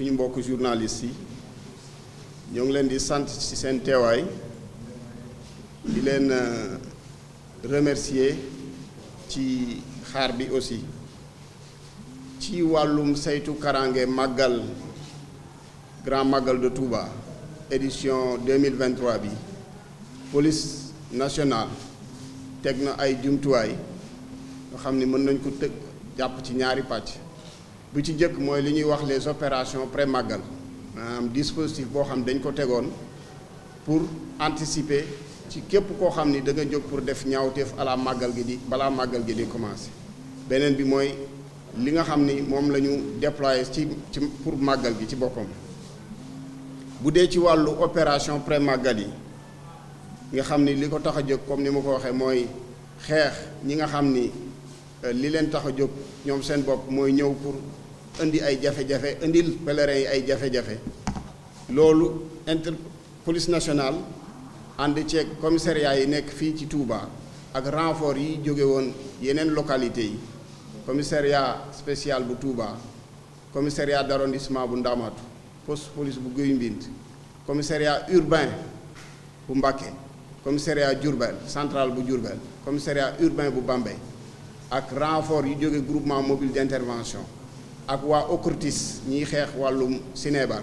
suñu mbokk journaliste yi ñoo ngi leen di sant ci seen teewaay di leen euh, remercier ci xaar bi aussi ci wàllum saytu karange màggal grand Magal de Touba édition 2023 bi police nationale teg na ay jumtuwaay nga xam ni mën nañ ko tëg jàpp ci ñaari pàcc bu ci njëkk moy li ñuy wax les opérations pré magal maanaam dispositif bo xam dañ ko tegoon pour anticiper ci képp ko xam ni da nga jóg pour def ñaawteef ala magal gi di bala magal gi di commencé benen bi moy li nga xam ni moom la ci ci pour magal gi ci boppam bu dee ci walu opération pré magal yi nga xam ni li ko comme ni mako ko moy xex ñi nga xam ni Euh, li leen tax a jóg ñoom seen bopp mooy ñëw pour indi ay jafe-jafe indil pèlerins yi ay jafe-jafe loolu inter police nationale ànd ceeg commissariat yi nekk fii ci Touba ak renfort yi jóge woon yeneen localité yi commissariat spécial bu Touba commissariat d'arrondissement bu Ndamatu poste police bu Guy Mbind commissariat urbain bu Mbacké commissariat Diourbel central bu Diourbel commissariat urbain bu Bambey ak renfort yu jóge groupement mobile d'intervention ak waa OCRTIS ñiy xeex wàllum Sinébar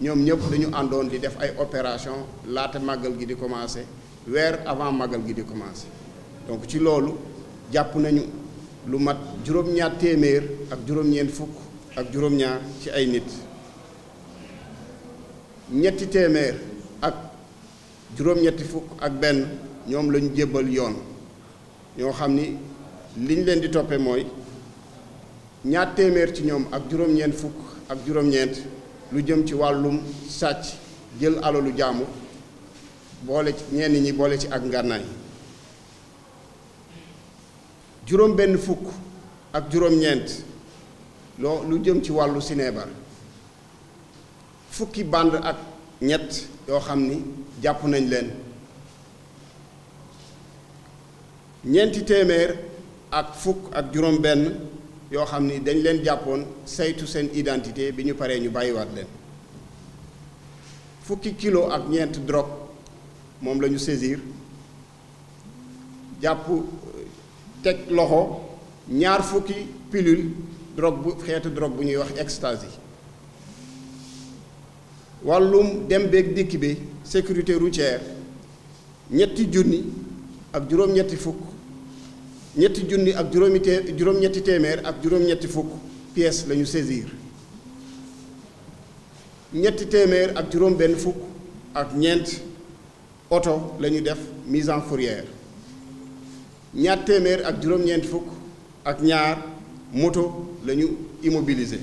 ñoom ñëpp dañu àndoon di def ay opération laata màggal gi di commencer weer avant màggal gi di commencer donc ci loolu jàpp nañu lu mat juróom-ñaar téeméer ak juróom fukk ak juróom-ñaar ci ay nit ñetti téeméer ak juróom-ñetti fukk ak benn ñoom la ñu jébbal yoon ñoo xam ni liñ leen di toppe mooy ñaar téeméer ci ñoom ak juróom-ñeent fukk ak juróom-ñeent lu jëm ci wàllum sàcc jël alalu jaamu boole ci ñenn ñi boole ci ak ngànnaay juróom benn fukk ak juróom-ñeent loo lu jëm ci wàllu sineebar fukki band ak ñett yoo xam ni jàpp nañ leen ñeenti téeméer ak fuk ak juróom-benn yoo xam ni dañ leen jàppoon saytu seen identité bi ñu paree ñu bàyyiwaat leen fukki kilo ak ñeent drogue moom la ñu saisir jàpp teg loxo ñaar fukki pilule drogue bu xeetu drogue bu ñuy wax ecstasy wàllum dem beeg dikk bi sécurité routière ñetti junni ak juróom-ñetti fukk ñetti junni ak juróomi té juróom-ñetti téeméer ak juróom-ñetti fukk pièces la ñu saisir ñetti téeméer ak juróom-benn fukk ak ñeent oto la ñu def mise en fourrière ñaar téeméer ak juróom-ñeent fukk ak ñaar moto la ñu immobiliser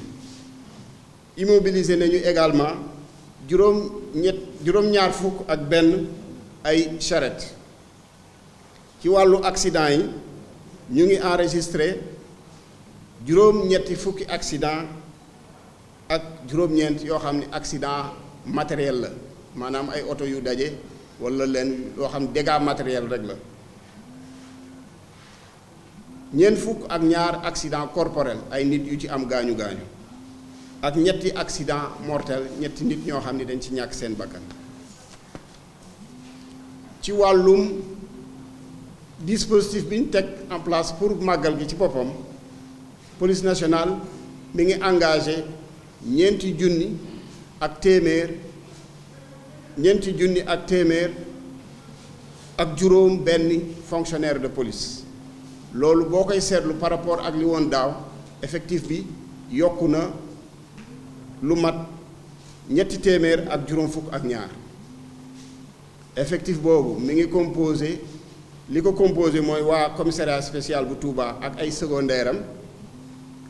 immobiliser nañu également juróom-ñett juróom-ñaar fukk ak benn ay charrette ci wàllu accident yi. ñu ngi enregistré juróom-ñetti fukki accident ak juróom-ñeent yoo xam ne accident matériel la maanaam ay oto yu daje walla leen yoo xam dégâts matériel rek la ñeent fukk ak ñaar accident corporel ay nit yu ci am gaañu gaañu ak ñetti accident mortel ñetti nit ñoo xam ne dañ ci ñàkk seen bakkan ci wàllum dispositif bi ñu teg en place pour màggal gi ci boppam police nationale mi ngi engagé ñeenti junni ak téeméer ñeenti junni ak téeméer ak juróom benn fonctionnaire de police loolu boo koy seetlu par rapport ak li woon daaw effectif bi yokku na lu mat ñetti téeméer ak juróom fukk ak ñaar effectif boobu mi ngi composé li ko composé c'est le commissariat spécial bu Touba ak ay secondaire am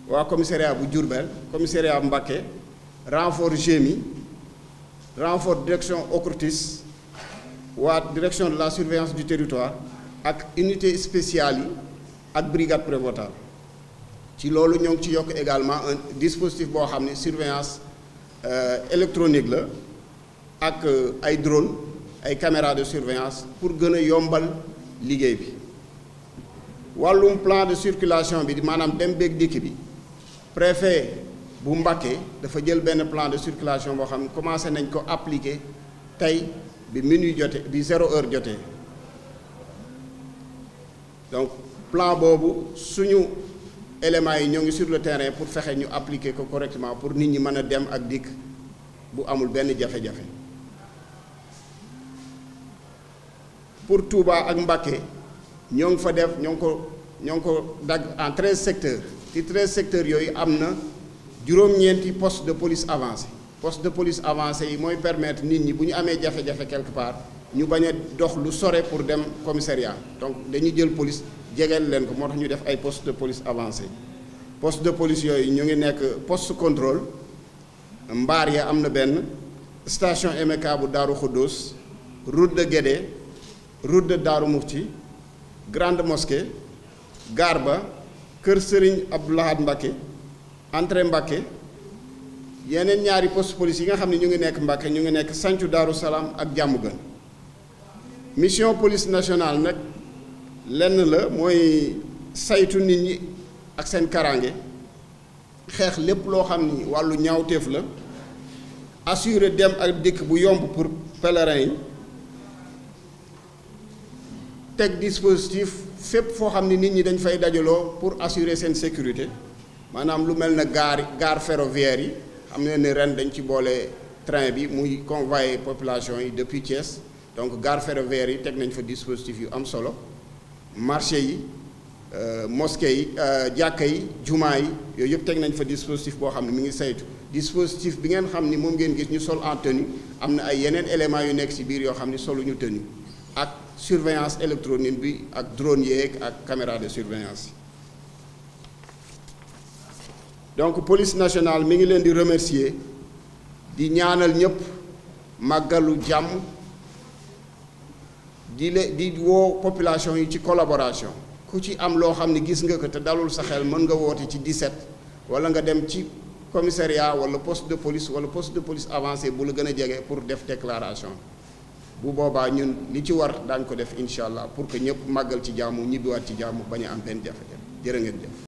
waa commissariat bu Diourbel commissariat Mbacké renfort de renfort direction Ocrotis waa direction de la surveillance du territoire ak unité spéciale et ak brigade prévotable. ci loolu ñoo ci également un dispositif boo xam surveillance euh, électronique avec ak euh, ay drone ay caméras de surveillance pour gën a yombal liggéey bi walum plan de circulation bi manam dem beeg dik bi préfet bu Mbacké dafa jël ben plan de circulation bo xam commencé nañ ko appliquer tay bi minuit joté bi 0h joté donc plan bobu suñu éléments yi ñoo ngi sur le terrain pour fexé ñu appliquer ko correctement pour nit ñi mëna dem ak dik bu amul ben jafé jafé pour Touba ak Mbacké ñong fa def ñong ko ñong ko dag en 13 secteurs ci 13 secteurs yoy amna juroom ñenti poste de police avancé poste de police avancé yi mooy permettre nit ñi buñu amé jafé jafé quelque part ñu bañ dox lu soré pour dem commissariat donc dañu jël police jegeel leen ko motax ñu def ay poste de police avancé poste de police yoy ñu ngi nek poste contrôle mbar ya amna ben station MK bu Daaru route de Guédé route de Darou Mousty grande mosquée gaar ba kër sëriñ ab Lahad Mbacké entrée Mbacké yeneen ñaari post police yi nga xam ne ñu ngi nekk Mbacké ñu ngi nekk Santhiou Darou Salam ak jàmm gën mission police nationale nag lenn la mooy saytu nit ñi ak seen karange xeex lépp loo xam ni wàllu ñaawteef la assurer dem ak dikk bu yomb pour pèlerin yi teg dispositif fep fo xamni nit ñi dañ fay dajaloo pour assurer sen sécurité manam lu mel gare gare ferroviaire yi xam ne ren dañ ci bolé train bi muy convoyer population yi depuis Thiès donc gare ferroviaire yi teg nañ fa dispositif yu am solo marché yi euh, mosquée yi euh, jàkka yi jumaa yi yooyu yëpp teg nañ fa dispositif bo xamni mi ngi saytu dispositif bi ngeen xamni mom ngeen gis ñu sol en tenue am ay yenen élément yu nekk ci biir yo xamni solo ñu tenue surveillance électronique bi ak drone et caméra de surveillance donc police nationale mi ngi remercier di ñaanal population yi ci collaboration ku ci am dalul sa xel nga wala nga commissariat wala poste de police wala poste de police avancé bu la pour def déclaration bu boobaa ñun li ci war daañ ko def incha allah pour que ñëpp màggal ci jaamu ñibbiwaat ci jaamu bañ a am benn jafe-jafe